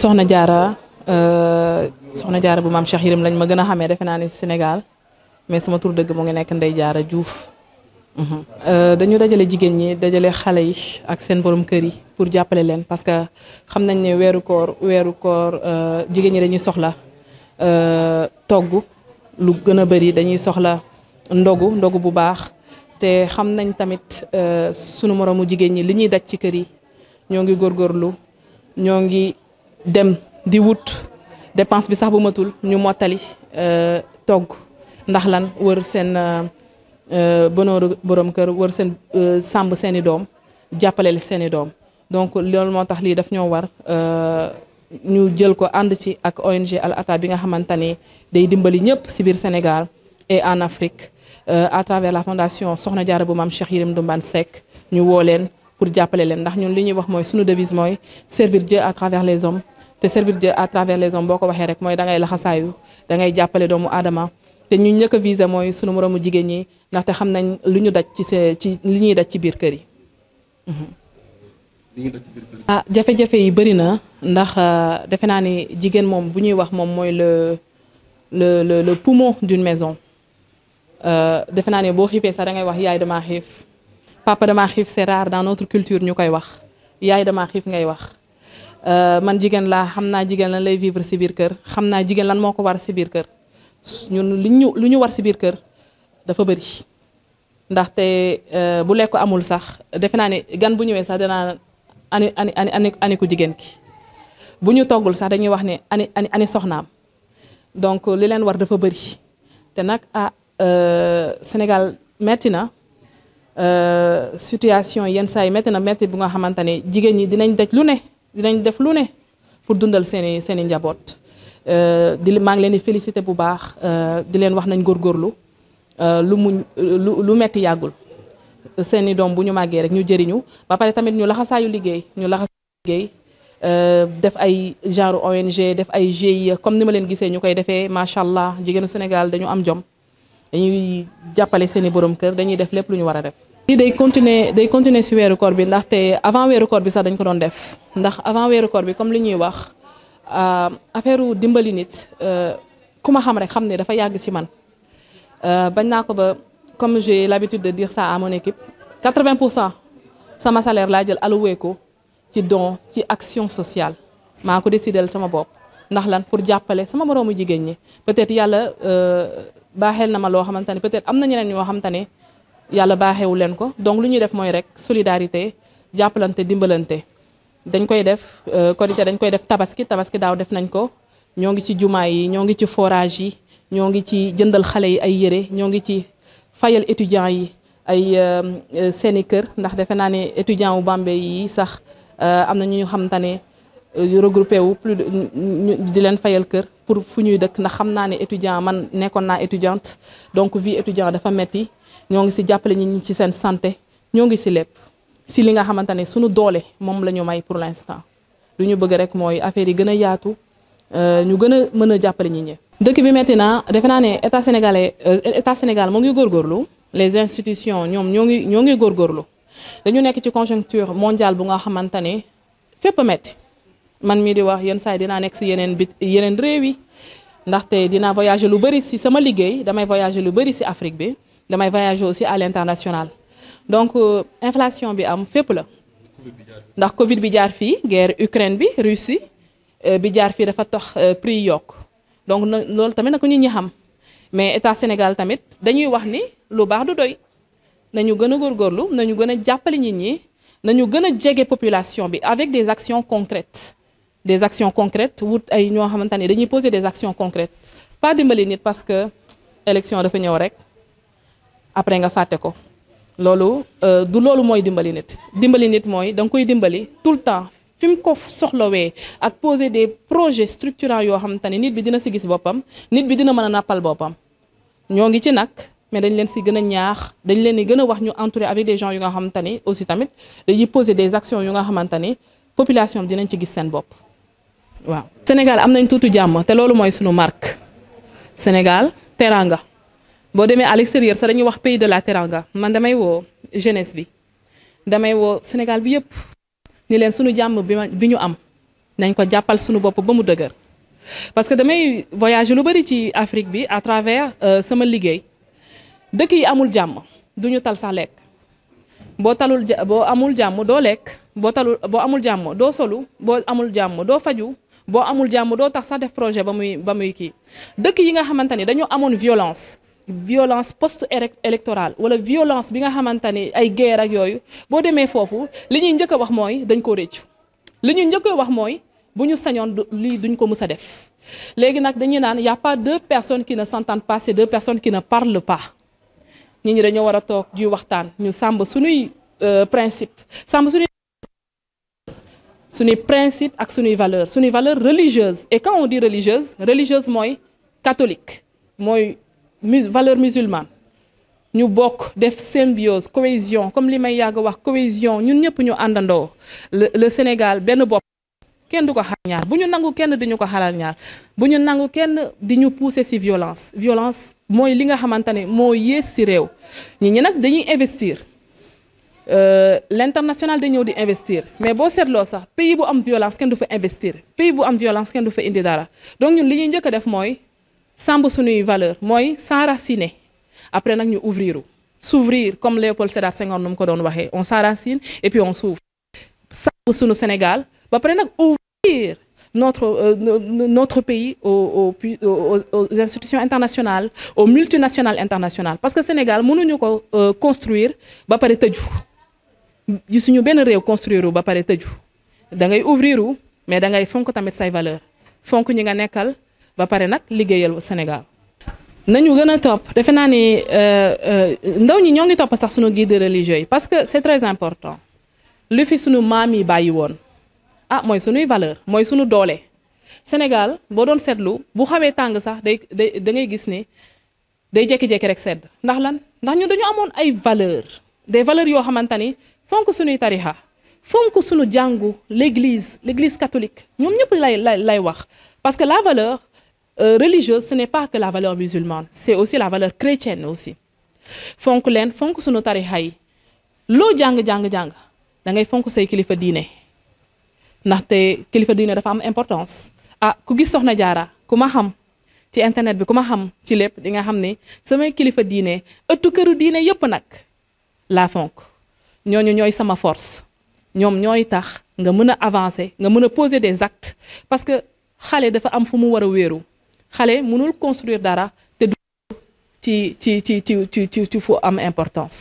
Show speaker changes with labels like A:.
A: soxna jaara euh, soxna jaara bu maam Cheikh Yérim lañ ma gën a xamee defe naa ne Sénégal mais sama tur dëgg mu ngi nekk nday Jaara Juuf dañu dajale jigéen ñi dajale xale yi ak seen borom kër yi pour jàppale leen parce que xam nañ ne weeru koor weeru koor euh, jigéen ñi dañuy soxla euh, togg lu gën a bëri dañuy soxla ndogu ndogu bu baax te xam nañ tamit sunu moroomu jigéen ñi li ñuy daj ci kër yi ñoo ngi góorgóorlu ñoo ngi dem di wut dépense bi sax bu matul ñu mottali euh, togg ndax lan war seen euh, euh, bonooru borom kër wër seen sàmb seeni doom jàppaleel seeni doom donc loolu moo tax lii daf ñoo war ñu jël ko ànd ci ak ONG Al Ataa bi nga xamante ni day dimbali ñëpp si biir Sénégal et en Afrique à travers la fondation Soxna Jaara bu maam Cheikh Yérim Ndoumban Seck ñu woo leen pour jàppale leen ndax ñun li ñuy wax mooy suñu devise mooy servir Dieu à travers les hommes te servir à travers les hommes boo ko waxee rek mooy da ngay laxasaayu dangay jàppale doomu aadama te ñu ñëkk a visé mooy sunu moroomu jigéen ñi ndaxte xam nañ lu ñu daj ci ci mhm. li ñuy daj ci biir kër yi. ah jafe-jafe yi bëri na ndax euh, defe naa ni jigéen moom bu ñuy wax moom mooy le le le le poumon d'une maison euh, defe naa ni boo xiifee sax da ngay wax yaay damaa xiif papa damaa xiif c'est rare dans notre culture ñu koy wax yaay damaa xiif ngay wax. Euh, man jigéen laa xam naa jigéen lan lay vivre si biir kër xam naa jigéen lan moo ko war si biir kër ñun lu ñu lu ñu war si biir kër dafa bëri ndaxte euh, bu lekk amul sax defe naa ne gan bu ñëwee sax danaa ani ani ani ani ku jigéen ki bu ñu toggul sax dañuy wax ne ani ani ani soxnaam donc li leen war dafa bëri te nag a ah, euh, Sénégal metti na situation yenn saa yi metti na metti bu nga xamante ne jigéen ñi dinañ daj lu ne. dinañ def lu ne pour dundal seeni seeni njaboot euh, di maa ngi leen di félicité bu baax euh, di leen wax nañ góor euh, lu muñ lu lu metti yàggul seeni doom bu ñu màggee rek ñu jëriñu ba pare tamit ñu laxasaayu liggéey ñu laxasaayu liggéey def ay genre ONG def ay GIE comme ni ma leen gisee ñu koy defee macha allah jigéenu Sénégal dañu am jom dañuy jàppale seeni borom kër dañuy def lépp lu ñu war a def lii day continuer day continuer si weeru koor bi ndaxte avant weeru koor bi sax dañ ko doon def ndax avant weeru koor bi comme li ñuy wax euh, affaire dimbali nit euh, ku ma xam rek xam ne dafa yàgg si man euh, bañ naa ko ba comme j'ai l'habitude de dire ça amoon mon équipe 80 pour cent sama salaire laa jël alloué ko ci don ci action sociale maa ko décidel sama bopp ndax lan pour jàppale sama moroomu jigéen ñi peut-être yàlla baaxeel na ma loo xamante ne peut-être am na ñeneen ñoo xamante ne yàlla baaxewu leen ko donc lu ñuy def mooy rek solidarité jàppalante dimbalante dañ koy def euh, korité dañ koy def tabaski tabaski daaw def nañ ko ñoo ngi ci jumaa yi ñoo ngi ci forage yi ñoo ngi ci jëndal xale yi ay yére ñoo ngi ci fayal étudiants yi ay euh, euh, seeni kër ndax defe naa ne étudiant wu Bambey yi sax am na ñu xam te ne regroupé wu di leen fayal kër pour fu ñuy dëkk ndax xam naa ne étudiant man nekkoon naa étudiante donc vie étudiant dafa metti ñoo ngi si jàppale nit ñi ci seen santé ñoo ngi si lépp si li nga xamante ne suñu doole moom la ñu may pour l'instant lu ñu bëgg rek mooy affaire yi gën a yaatu euh, ñu gën a mën a jàppale nit ñi. dëkk bi metti na defe naa ne état sénégalais euh, état sénégal moo ngi góorgóorlu les institutions ñoom ñoo ngi ñoo ngi góorgóorlu dañu nekk ci conjoncture mondiale bu nga xamante ne fépp a metti man mii di wax yenn saa yi dinaa nekk si yeneen bit yeneen réew yi ndaxte dinaa voyager lu bëri si sama liggéey damay voyager lu bëri si Afrique bi. damay voyager aussi à l'international donc euh, inflation bi am fépp la ndax Covid bi jaar fii guerre Ukraine bi Russie euh, bi jaar fii dafa tax euh, prix yokk donc loolu tamit na ko nit ñi xam mais état Sénégal tamit dañuy wax ni lu baax du doy nañu gën a góorgóorlu nañu gën a jàppale nit ñi nañu gën a jege population bi avec des actions concrètes des actions concrètes wut ay ñoo xamante ni dañuy poser des actions concrètes pas dimbali nit parce que élection dafa ñëw rek après nga fàtte ko loolu euh, du loolu mooy dimbali nit dimbali nit mooy da nga koy dimbali tout le temps fi mu ko soxlawee ak poser des projets structurants yoo xamante ne nit bi dina si gis boppam nit bi dina mën a nàppal boppam ñoo ngi ci nag mais dañ leen si gën a ñaax dañ leen di gën a wax ñu entouré avec des gens yu nga xamante ni aussi tamit dañuy poser des actions yu nga xamante ni population bi dinañ ci gis seen bopp waaw Sénégal am nañ tuuti jàmm te loolu mooy sunu marque Sénégal teranga boo demee à l'extérieur sax dañuy wax pays de la teranga man damay woo jeunesse bi damay woo Sénégal bi yëpp ni leen sunu jàmm bi bi ñu am nañ ko jàppal sunu bopp ba mu dëgër parce que damay voyager lu bari ci Afrique bi à travers euh, sama liggéey dëkk yi amul jàmm du ñu tal sax lekk boo talul boo amul jàmm doo lekk boo talul boo amul jàmm doo solu boo amul jàmm doo faju boo amul jàmm doo tax sax def projet ba muy ba muy kii dëkk yi nga xamante ni dañoo amoon violence violence post électorale wala violence bi nga xamante ni ay guerre ak yooyu boo demee foofu li ñuy njëkk a wax mooy dañ ko réccu li ñuy njëkk wax mooy bu ñu sañoon lii duñ ko mës a def léegi nag dañuy naan y a pas deux personnes qui ne s'entendent pas c'est deux personnes qui ne parlent pas nit ñi dañoo war a toog di waxtaan ñu sàmb suñuy euh, principe sàmb suñuy suñuy principe ak suñuy valeur suñuy valeur religieuse et quand on dit religieuse religieuse mooy catholique mooy mus valeur musulmane ñu bokk def symbiose cohésion comme li may yàgg wax cohésion ñun ñëpp ñu àndandoo le Sénégal benn bopp kenn du ko xaar ñaar bu ñu nangu kenn di ñu ko xalal ñaar bu ñu nangu kenn di ñu pousser ci violence violence mooy li nga xamante ne moo yées si réew ñi ñi nag dañuy investir euh, l'international da ñëw di investir mais boo seetloo sax pays bu am violence kenn du fa investir pays bu am violence kenn du fa indi dara donc ñun li ñuy njëkk a def mooy sàmb suñuy valeur mooy s'enraciner après nag ñu ouvrir s'ouvrir comme Léopold Sédar Senghor nu mu ko doon waxee on s'enracine et puis on s'ouvre sàmb suñu Sénégal ba pare nag ouvrir notre euh, notre pays aux, aux, aux, aux institutions internationales aux multinationales internationales parce que Sénégal mënuñu ko euh, construire ba pare tëju gisuñu benn réew construire ba pare tëju da ngay ouvrir mais da ngay fonk tamit say valeur fonk ñu nga nekkal ba pare nag liggéeyal Sénégal. nañu gën a topp defe naa ni euh, euh, ndaw ñi ñoo ngi topp sax sunu guide religieux yi parce que c'est très important lu fi sunu maam yi bàyyi woon ah mooy sunuy valeur mooy sunu doole Sénégal boo doon seetlu bu xawee tàng sax day day da ngay gis ni day jékki-jékki rek sedd ndax lan ndax ñu dañu amoon ay valeur des valeurs yoo xamante ni fonk sunuy tarixa fonk sunu jàngu l'église l'église catholique ñoom ñëpp lay wax parce que la valeur Euh, religieuse ce n'est pas que la valeur musulmane c'est aussi la valeur chrétienne aussi fonk leen fonk sunu tarixa yi loo jàng-jàng-jàng da ngay fonk say kilifa diine ndaxte kilifa diine dafa am importance ah ku gis soxna jaara ku ma xam ci internet bi ku ma xam ci lépp di nga xam ni samay kilifa diine ëttu këru diine yëpp nag laa fonk ñooñu ñooy sama force ñoom ñooy tax nga mën a avancer nga mën a poser des actes parce que xale dafa am fu mu war a wéeru xale mënul construire dara te du ci ci ci ci fu am importance